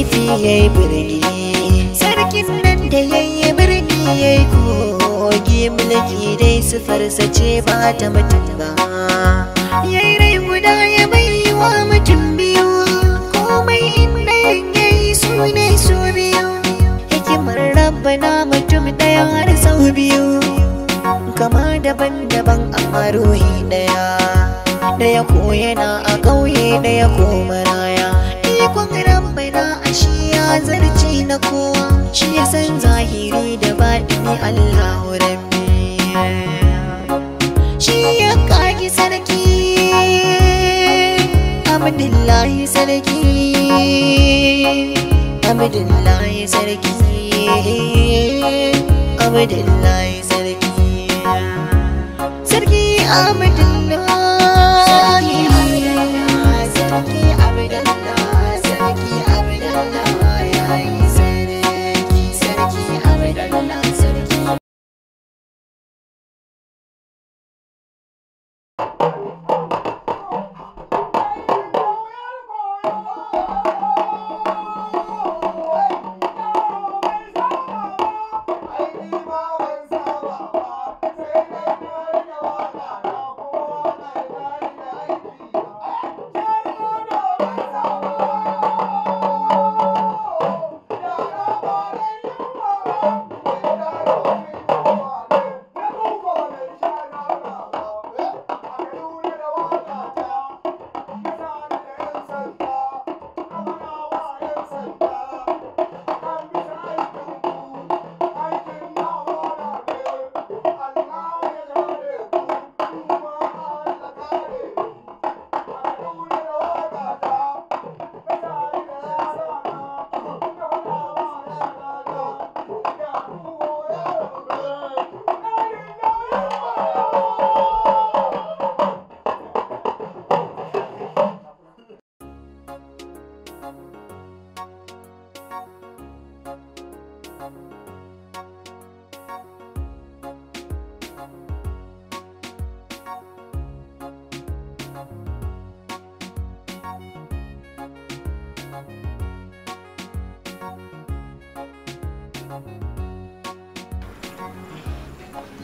titi ya yi birni sarkin nan da ya yi birni ya yi kogi mulki dai su farsace ba ta mutum ba ya yi rai guda ya bai wa mutum biyu komai inda ya yi su ne su biyu hikimar rabbana mutum ɗaya har sau biyu kama daban-daban amma ruhi ɗaya da ya koyana a ƙauye da ya koma raya ikon zarci na kowa shi ya san zahiri da baɗi Allahu rabbi shi ya kagi sarki Abdullahi sarki Abdullahi sarki Abdullahi sarki Sarki Abdullahi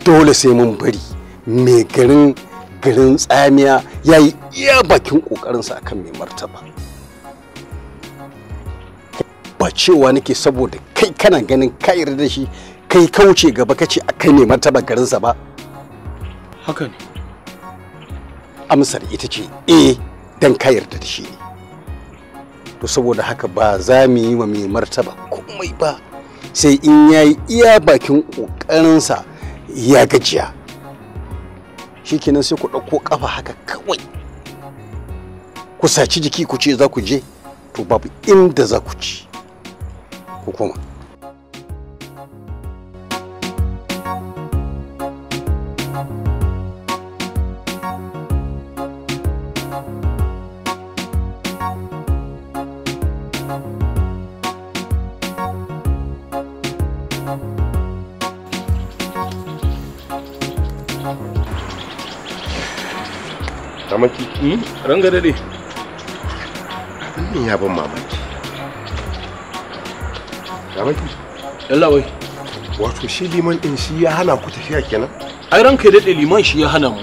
dole sai mun bari mai garin garin tsamiya ya yi iya bakin ƙoƙarinsa akan mai martaba. ba cewa nake saboda kai kana ganin ka yarda da shi kai ka wuce gaba kace ce kai ne martaba garinsa ba haka ne amsar ita ce eh dan ka yarda da shi ne to saboda haka ba za mu yi wa mai martaba komai ba sai in ya yi iya bakin ƙoƙarinsa ya gajiya shikenan sai ku ɗauko ƙafa haka kawai ku saci jiki ku ce za ku je to babu inda za ku ci hukuma kamar kiki ranga dade Ni ya ban mamaki Yalla bai. Wato shi liman din shi ya hana ku tafiya kenan? Ai ranka daɗe liman shi ya hana mu.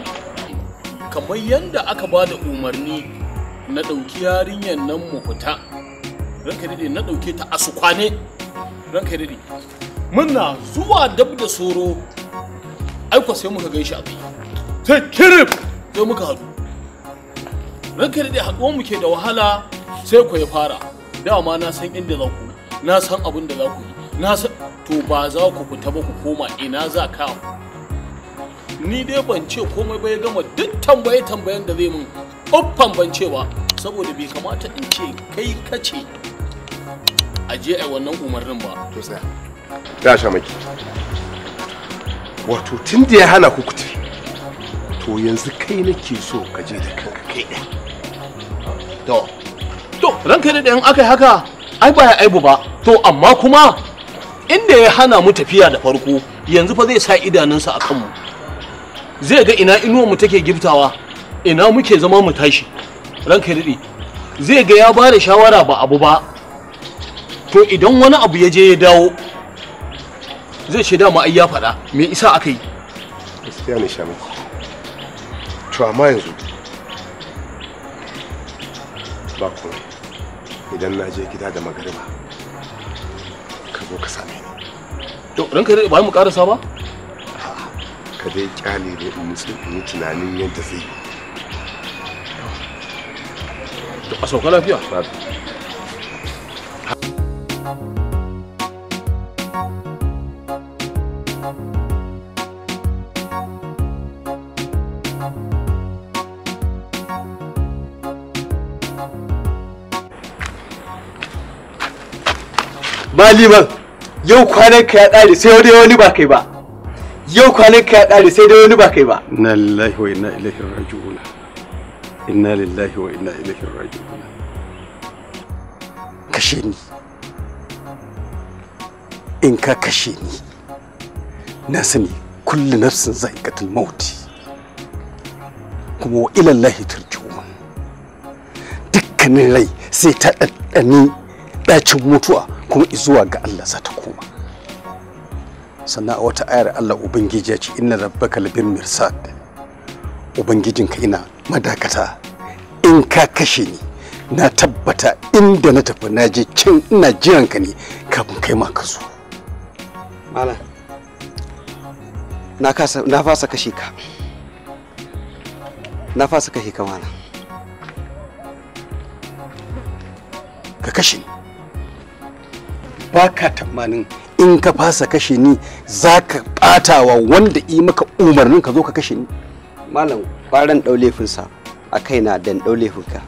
Kamar yadda aka ba da umarni na ɗauki yarinyar nan mu fita. Ranka daɗe na ɗauke ta a su kwane. Ranka daɗe. Muna zuwa dab da soro. Aiko sai muka gan shi a kai. Sai kirif. Sai muka haɗu. Ranka daɗe haɗuwar mu ke da wahala sai ku ya fara. Dama na san inda za ku. na san abin da za ku yi na san to ba za ku fita ba ku koma ina za ka ni dai ban ce komai ba ya gama duk tambaye tambayen da zai mun uffan ban ce ba saboda bai kamata in ce kai kace a je a wannan umarnin ba to sai ta sha maki wato tun da ya hana ku kuti to yanzu kai nake so ka je da kanka kai ɗaya to to ranka da ɗayan akai haka ai ba ya aibu ba to amma kuma inda ya hana mu tafiya da farko yanzu fa zai sa idanunsa a kanmu zai ga ina inuwa mu take giftawa ina muke zama mu tashi ranka daɗe zai ga ya ba da shawara ba abu ba to idan wani abu ya je ya dawo zai ce dama ai ya faɗa me isa aka yi to amma yanzu ba kuma idan na je gida da magariba ka zo ka same ni to ran dai ba mu karasa ba ka dai kyale da in mutsu in yi tunanin yadda zai yi to a sauka lafiya ba Thank you. maliman yau kwanan ka ya ƙare sai dai wani ba kai ba yau kwanan ka ya ƙare sai dai wani ba kai ba inna lillahi wa inna ilaihi raji'un inna lillahi wa inna ilaihi raji'un kashe ni in ka kashe ni na sani kullu nafsin za'iqatul mauti kuma wa ilallahi turjuun dukkanin rai sai ta ɗaɗɗani ɗacin mutuwa kuma zuwa ga Allah za ta koma sannan a wata ayar Allah ubangiji ya ce inna rabbaka labin mirsad ubangijinka ina madakata in ka kashe ni na tabbata inda na tafi na je can ina jiran ka ne kafin kai ma ka zo mala na kasa na fasa kashe ka na fasa kashe ka mala ka kashe ni baka tamanin in ka fasa kashe ni za ka bata wa wanda yi maka umarnin ka zo ka kashe ni malam faran ɗau laifinsa a kaina dan ɗau ka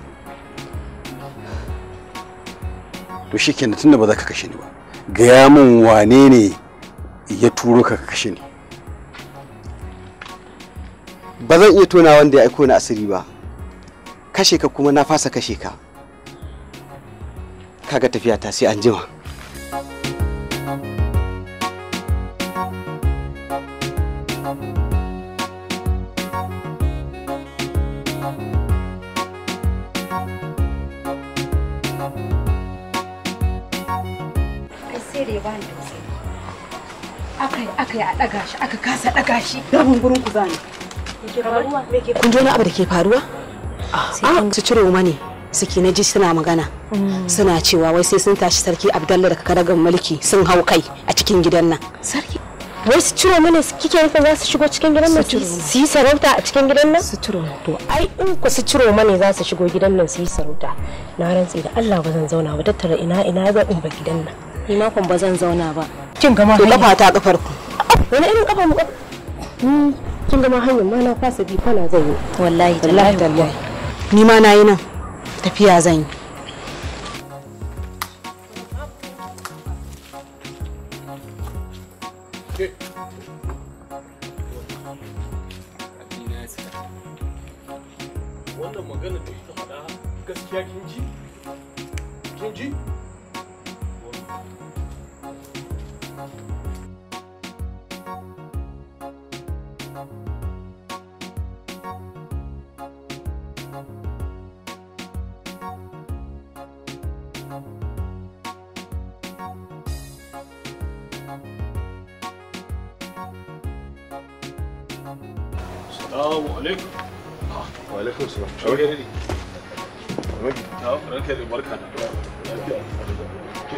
to shi kenan tunda ba za ka kashe ni ba gaya min wane ne ya turo ka kashe ni ba zan iya tona wanda ya aiko ni asiri ba kashe ka kuma na fasa kashe ka kaga tafiya ta sai an jima aka a ɗaga shi aka kasa ɗaga shi damun gurin ku zani kun ji wani abu da ke faruwa ah, ah, su ciro mani suke na ji suna magana mm. suna cewa wai sai sun tashi sarki abdallah daga karagar mulki sun hau kai a cikin gidan nan sarki wai su ciro mana kike nufin za su shigo cikin gidan nan su yi sarauta a cikin gidan nan su ciro to ai in ku su ciro mana za su shigo gidan nan su yi sarauta na rantsi da Allah ba zan zauna ba tattara ina ina zan in ba gidan nan ni ma kun ba zan zauna ba kin gama ma Lafa ta kafar ku wani irin kafa mu kin gama hanyar ma na fasa bi fa na zan yi wallahi wallahi ni ma na yi nan tafiya zan yi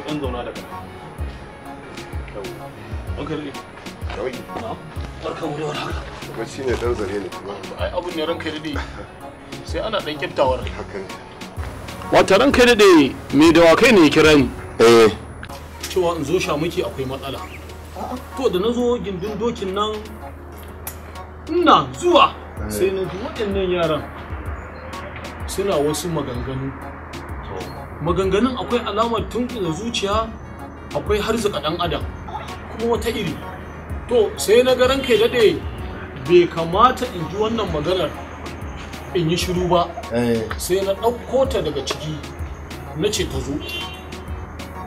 ɗan zauna da kana an kawai barkan mu da wani kuma shi ne ɗan zare ne kuma ai ne ranka daɗe sai ana ɗan kyaftawar wata ranka daɗe mai dawakai ne kira ni eh cewa in zo sha miki akwai matsala to da na zo gindin dokin nan ina zuwa eh. sai na ji waɗannan yaran suna wasu maganganu maganganun akwai alamar tunƙila zuciya akwai harzuka ɗan adam kuma wata iri to sai na garan ke daɗe bai kamata in ji wannan maganar in yi shiru ba eh. sai na ɗauko ta daga ciki na ce ta zo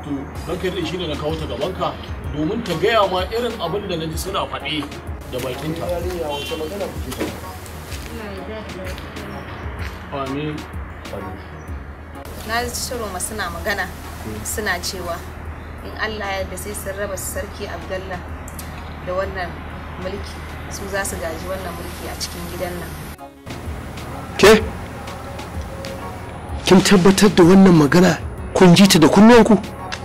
to ke daɗe shi ne na kawo ta gabanka domin ta gaya ma irin abin da na ji suna faɗe da bakinta na ji ma suna magana suna cewa in allah yadda sai sun raba sarki abdallah da wannan mulki su za su gaji wannan mulki a cikin gidan nan ke kin tabbatar da wannan magana kun ji ta da ku.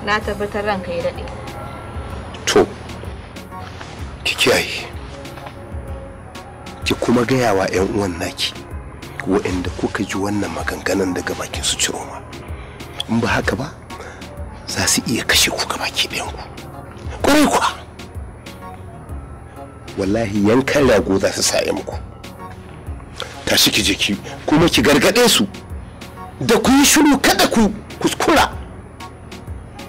na tabbatar ranka ya daɗe to ki kiyaye ki kuma gaya wa 'yan uwan naki waɗanda kuka ji wannan maganganun daga bakin su ciroma in ba haka ba za su iya kashe ku gaba ke ku ƙwarai kuwa wallahi yankan rago za su sa'e muku tashi ki jiki kuma ki gargaɗe su da ku yi shiru kada ku kuskura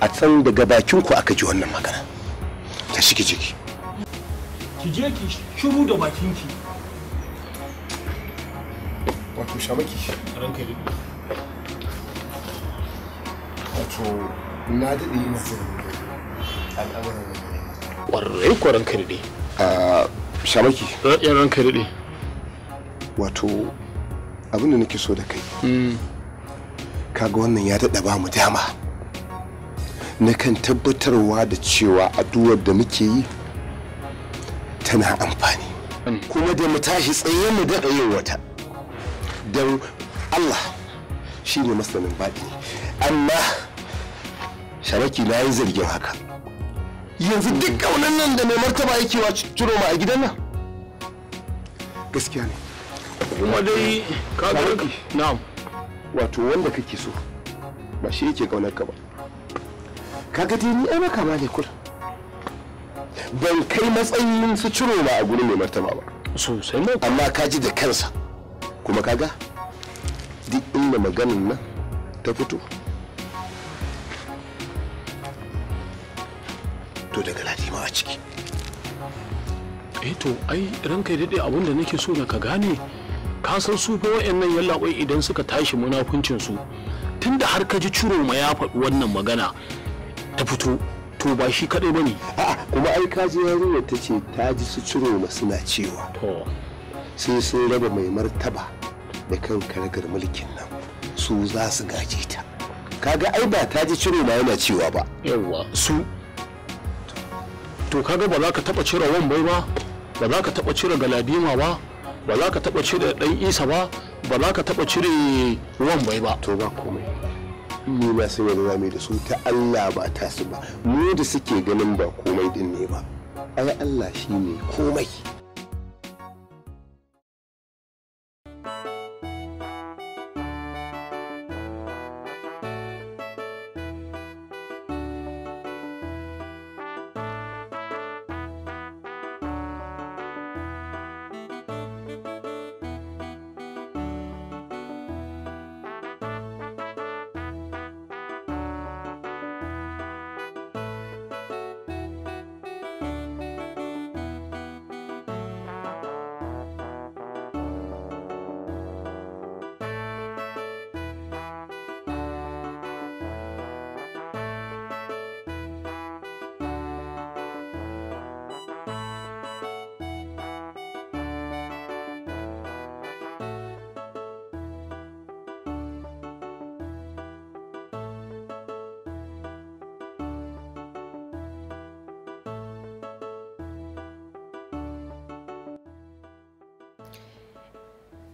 a can daga bakin ku aka ji wannan magana tashi ki jiki ki je ki shiru da bakin ki wato shamaki ranka wato ƙwararrai ƙwarar a shamaki eh, wato abin da nake so da kai hmm. kaga wannan ya daɗa ba mu dama na kan tabbatarwa da cewa addu'ar da muke yi tana amfani kuma da mu tashi tsaye mu daɗa yin wata don allah shi ne masanin baɗi amma sharaki na yi zargin haka yanzu duk kaunan nan da mai martaba yake wa ciro ma a gidan nan gaskiya ne kuma dai ka zargi na'am wato wanda kake so ba shi yake kaunar ka ba kaga dai ni ai maka ba ne kula ban kai matsayin su ciro ma a guri mai martaba ba sosai ma amma ka ji da kansa kuma kaga duk inda maganin nan ta fito fito daga ladima a ciki eh to ai ranka yi daɗe abun da nake so na ka gane ka san su fa wayannan yallaɓai idan suka tashi munafuncin su tunda har ka ji ciro ma ya faɗi wannan magana ta fito to ba shi kaɗai ba ne kuma ai ka ji da ta ce ta ji su ciro ma suna cewa sai sun raba mai martaba da kan karagar mulkin nan su za su gaje ta kaga ai ba ta ji ciro ma yana cewa ba yawwa su to kaga ba za ka taba cire wambai ba ba za ka taba cire galadima ba ba za ka taba cire dan isa ba ba za ka taba cire wambai ba to ba komai ni ba sai yadda zame da su ta Allah ba ta su ba mu da suke ganin ba komai din ne ba ai Allah shine komai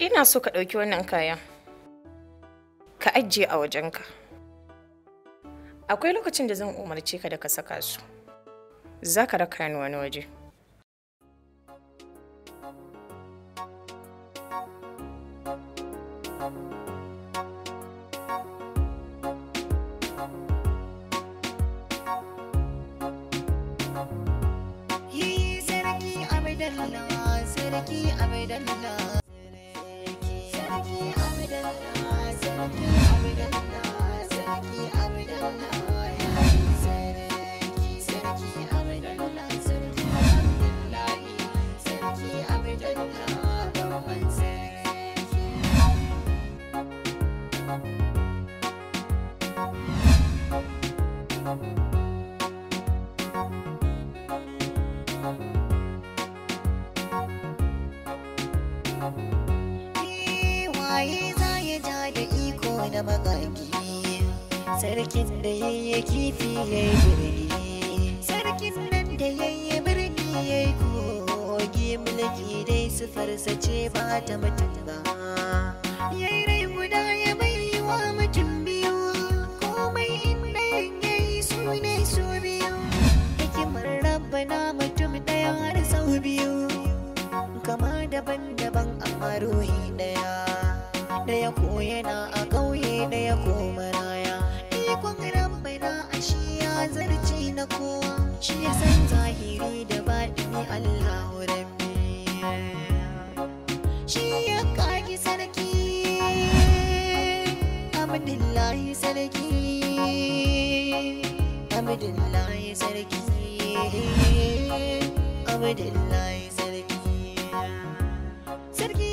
Ina so ka ɗauki wannan kayan. Ka ajiye a wajenka. Akwai lokacin da zan umarce ka da ka saka su. Za ka raka ni wani waje. Sarki Abdallah, Sarki lalawa. na magagi sarkin da yayye kifi ya birni sarkin nan da yayye birni ya kogi mulki dai su farsace ba ta mutum ba yayi rai guda ya bai wa mutum Allahu shi ya kagi sarki Abdullahi sarki Abdullahi sarki sarki Sarki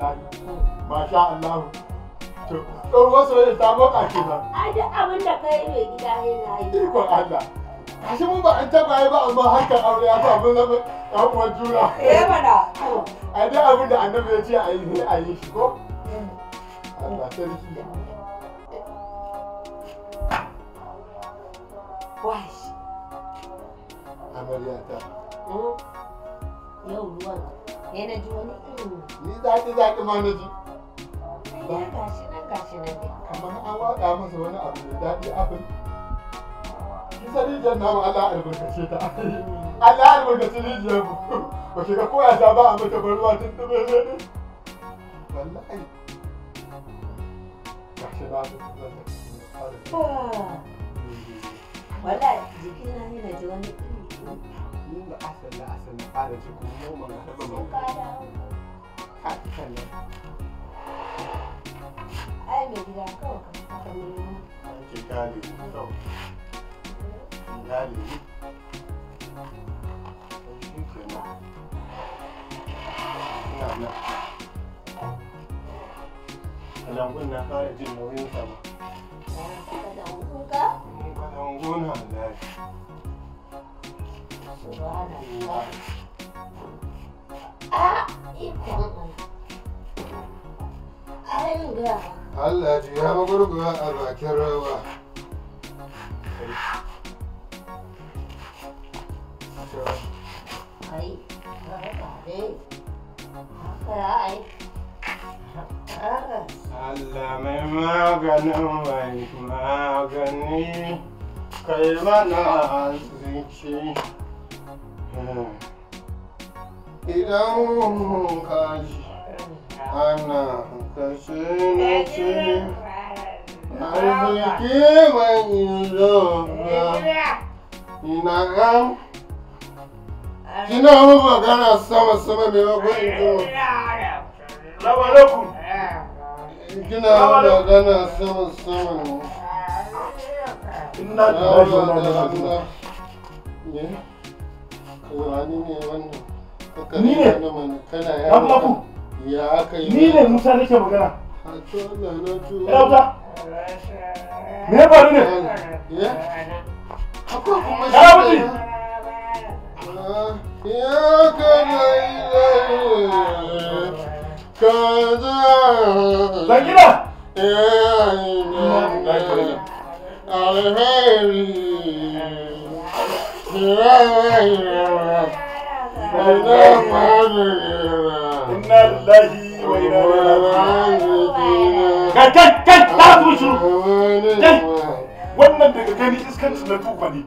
alhamdulillah masha Allah to wasu soyayya ta boka ke nan a da abin da kai mai gida yana yi ikon Allah kashi mun ba an taba yi ba amma hakan aure ya fa mun zama ɗan uwan juna eh mana a da abin da annabi ya ce a yi sai a yi shi ko eh. Allah sarki Wash. Amaryata. Hmm? Yau ruwan. sai na ji wani irin ni zaki zaki ma na ji ba gashi nan gashi nan kamar an waka masa wani abu da daɗi abin kusa rijiyar namu Allah albarkace ta Allah albarkace rijiyar mu ba shiga ko ya ba a mata bar ruwa tun dube ne ne wallahi gashi na ta wallahi jikina yana ji wani iri ni da asal da asal na fara ji kuma yau man ga ba ai me gida kawai ka kalle ke kare mu kawai kare na fara jin nauyin sama. da da subhanallah a ikon Allah Allah ji ya magurguwa a bakin rawa Allah mai maganin mai magani kai mana arziki Hmm. Idan ji. ana kashe nace arziki mai zoga ina gam kina mu magana sama sama mai wakon ito labalakun kina magana sama sama ne. Ina da ni ne ya maku ni ne musa nake magana ya me ya faru ne ya mutu يا كليل كذا Inna lillahi wa inna ilaihi Kai kai ta su shiru. wannan daga gani iskanci na tukwa ne.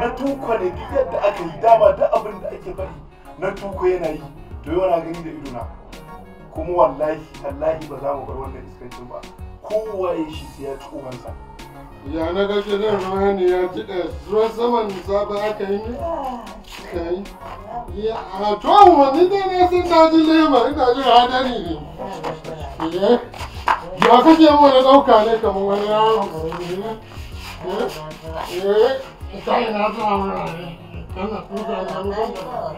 Na tukwa ne duk yadda aka yi dama duk abin da ake bari na tukwa yana yi. To yau na gani da idona. Kuma wallahi wallahi ba za mu bar wannan iskancin ba. Kowa ya shi sai ya ci uwansa. ya na ga kiran ruhaniya k i d a ruwan saman saba aka yi ne kai ya a to wani d na san na ji lema ina jin hadari ne ya ya kake mu na ɗauka ne kamar wani yaro eh eh kai na ta mura ne kana tuka na ruwan ah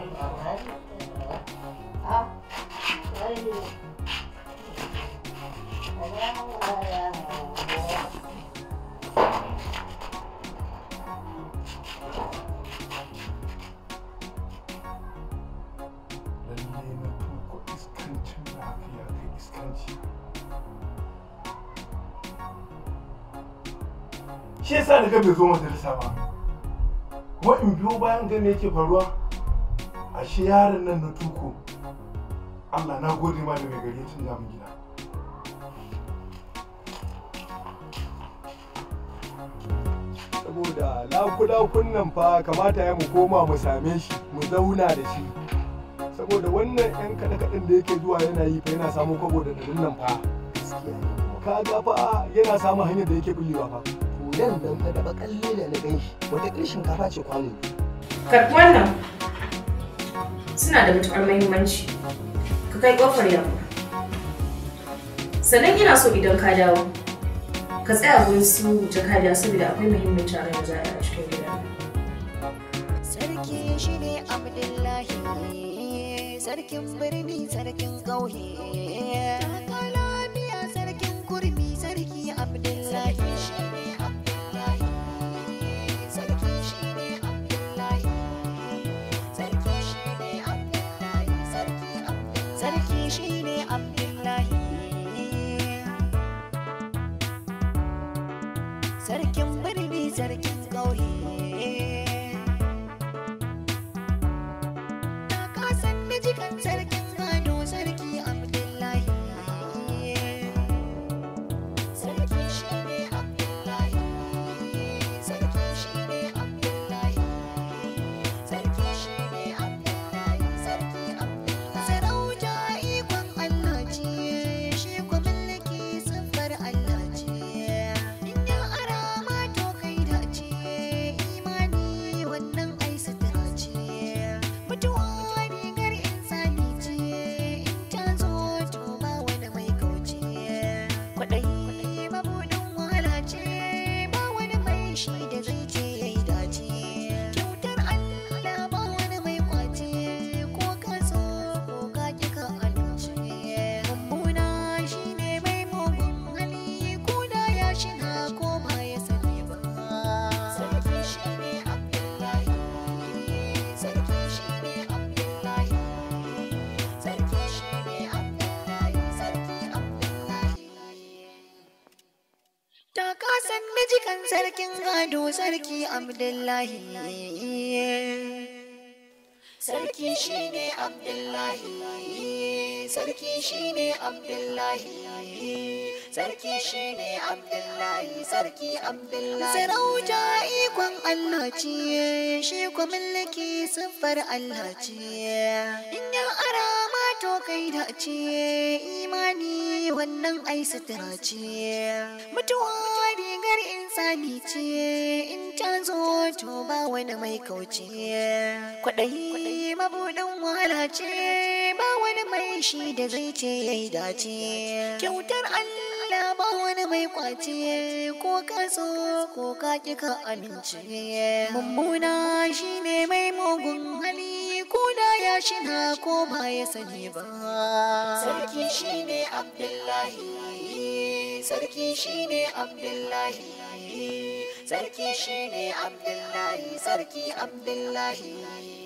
Thank you. shi yasa daga bai zo madrasa ba kuma in biyo bayan ga yake faruwa shi yaron nan na tuko Allah na gode ma da mai gari ya canza min gida saboda laku-lakun nan fa kamata ya mu koma mu same shi mu zauna da shi saboda wannan yan kaɗe-kaɗen da yake zuwa yana yi fa yana samun kwabo da nan fa ka ga fa yana samun hanyar da yake bullewa fa nan ban fa da na wata kafa ce kwano wannan suna da matuƙar muhimmanci ka kai ƙofar yamma sannan ina so idan ka dawo ka tsaya wurin wuce jakada saboda akwai muhimmin taron da za a yi a cikin gida sarki shi ne abdullahi sarkin birni sarkin ƙauye. Taka lafiya sarkin kurmi sarki. sarkin birni sarkin kauhi sarkin gado sarki abdullahi sarki shine abdullahi sarki shine abdullahi sarki shine abdullahi sarki abdullahi sarauta ikon allah ce shi kuma mulki siffar allah ce in ya arama to kai da ce imani wannan ai sutura ce mutuwa rigar insani ce in ta zo to ba wani mai kauce kwaɗayi mabuɗin wahala ce ba wani mai shi da zai ce ya dace kyautar Allah Allah ba wani mai kwace ko ka so ko ka ki ka amince mummuna shine mai mugun hali ko da ya shina ko ba ya sani ba sarki ne Abdullahi sarki ne Abdullahi sarki shine Abdullahi sarki Abdullahi